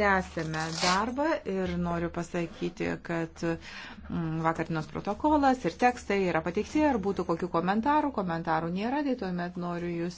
Tęsėme darbą ir noriu pasakyti, kad mm, vakartinos protokolas ir tekstai yra pateikti, ar būtų kokių komentarų, komentarų nėra, tai tuomet noriu jūs